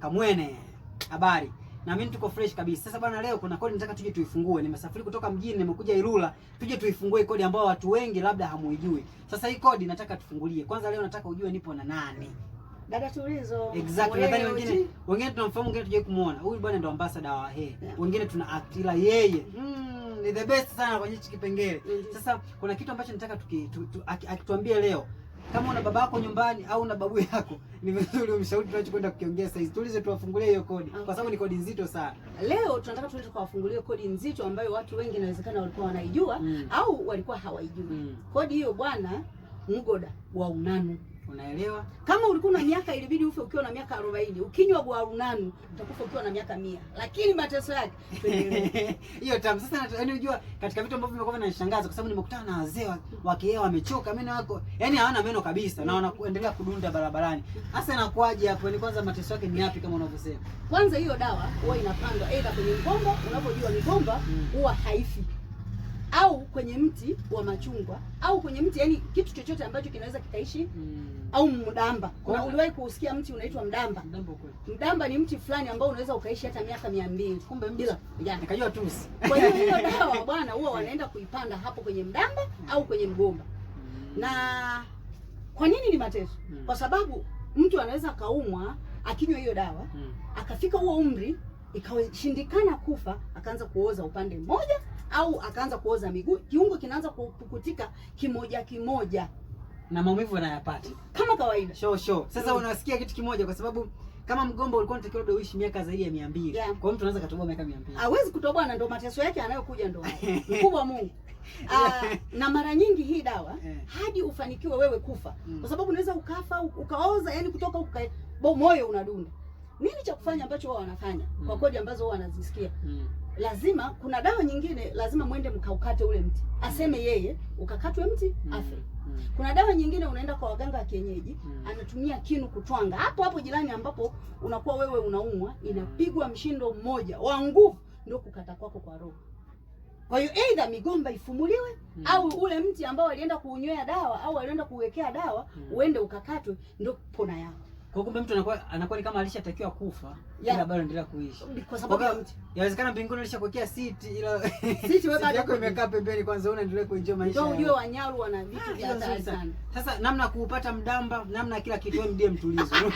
Kamwene, habari na mimi tuko fresh kabisa. Sasa bwana, leo kuna kodi nataka tuje tuifungue. Nimesafiri kutoka mjini, nimekuja Ilula, tuje tuifungue kodi ambayo watu wengi labda hamuijui. Sasa hii kodi nataka tufungulie. Kwanza leo nataka ujue nipo na nani. Dada Tulizo. Exactly. Nadhani wengine wengine tunamfahamu, wengine tuje kumuona. Huyu bwana ndo ambassador wa he. Yeah. Wengine tuna Akila yeye. Mm, ni the best sana kwenye hichi kipengele. Mm -hmm. Sasa kuna kitu ambacho nataka tuki, tu, tu, akituambie leo kama una baba yako nyumbani au una babu yako, ni vizuri umshauri tunachokwenda kukiongea sasa Tulize tuwafungulie hiyo kodi okay, ah. kwa sababu ni kodi nzito sana. Leo tunataka tuende kuwafungulia kodi nzito ambayo watu wengi inawezekana walikuwa wanaijua mm, au walikuwa hawaijui mm. Kodi hiyo bwana Mgoda wa Unanu Unaelewa? Kama ulikuwa na miaka ilibidi ufe ukiwa na miaka 40, ukinywa gwarunanu utakufa ukiwa na miaka mia, lakini mateso yake hiyo tam Sasa na yani unajua katika vitu ambavyo vimekuwa vinanishangaza kwa sababu nimekutana na wazee wakiea wamechoka meno yako, yaani hawana meno kabisa na wanaendelea kudunda barabarani. Sasa inakuaje hapo? Yaani kwanza mateso yake ni yapi kama unavyosema? Kwanza hiyo dawa huwa inapandwa aidha kwenye mgomba, unapojua mgomba mm. huwa haifi au kwenye mti wa machungwa au kwenye mti yani kitu chochote ambacho kinaweza kitaishi mm. au mdamba. Kuna uliwahi kusikia mti unaitwa mdamba? Mdamba, mdamba ni mti fulani ambao unaweza ukaishi hata miaka 200. Kumbe bila jana kajua tu. Kwa hiyo hiyo dawa bwana huwa wanaenda kuipanda hapo kwenye mdamba mm. au kwenye mgomba. Mm. Na kwa nini ni mateso? Mm. Kwa sababu mtu anaweza kaumwa akinywa hiyo dawa mm. akafika huo umri ikashindikana kufa akaanza kuoza upande mmoja au akaanza kuoza miguu, kiungo kinaanza kupukutika kimoja kimoja na maumivu anayapata kama kawaida Sho sho. Sasa mm. unasikia kitu kimoja, kwa sababu kama mgomba ulikuwa unatakiwa uishi miaka zaidi ya 200 yeah. Kwa mtu anaweza katoboa miaka 200, hawezi kutoboa, na ndio mateso yake anayokuja, ndio mkubwa Mungu Aa, ah, na mara nyingi hii dawa hadi ufanikiwe wewe kufa, kwa mm. sababu unaweza ukafa ukaoza, yani kutoka ukae moyo unadunda nini cha kufanya ambacho wao wanafanya mm. kwa kodi ambazo wao wanazisikia mm. lazima kuna dawa nyingine, lazima mwende mkaukate ule mti, mm. aseme yeye ukakatwe mti mm. afe mm. kuna dawa nyingine unaenda kwa waganga wa kienyeji mm. anatumia kinu kutwanga hapo hapo jirani ambapo unakuwa wewe unaumwa, mm. inapigwa mshindo mmoja wa nguvu, ndio kukata kwako kwa roho. Kwa hiyo aidha migomba ifumuliwe mm. au ule mti ambao alienda kuunywea dawa au alienda kuwekea dawa mm. uende ukakatwe, ndio pona yako. Kwa kumbe mtu anakuwa anakuwa ni kama alishatakiwa kufa ila yeah, bado endelea kuishi. Kwa sababu yawezekana mbinguni alishakuwekea siti ila siti wewe bado yako imekaa pembeni kwanza unaendelea kuenjoy maisha. Ndio ujue Wanyaru wana vitu ah, vya hatari sana. Sasa namna kuupata mdamba, namna kila kitu wewe mdie mtulizo.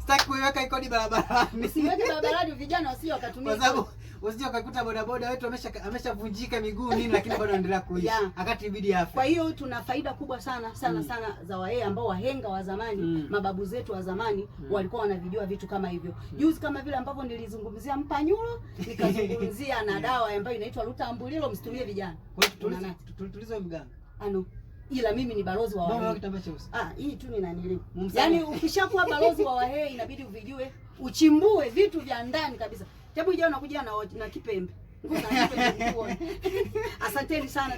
Sitaki kuiweka ikodi barabarani. Siweke barabarani vijana wasio wakatumia. Kwa sababu usije ukakuta bodaboda wetu ameshavunjika miguu nini, lakini bado anaendelea kuishi yeah. Akati ibidi afa. Kwa hiyo tuna faida kubwa sana sana mm. sana za wayee ambao wahenga wa zamani mm. mababu zetu wa zamani mm. walikuwa wanavijua vitu kama hivyo mm. Juzi kama vile ambavyo nilizungumzia mpanyulo nikazungumzia na dawa ambayo inaitwa Lutambulilo, msitumie vijana tulizo mganga ano ila mimi ni balozi wa Wahei. Ah, hii tu ni nanili. Yaani ukishakuwa balozi wa Wahei inabidi uvijue, uchimbue vitu vya ndani kabisa. Hebu ijao nakuja na, na kipembe. Asanteni sana.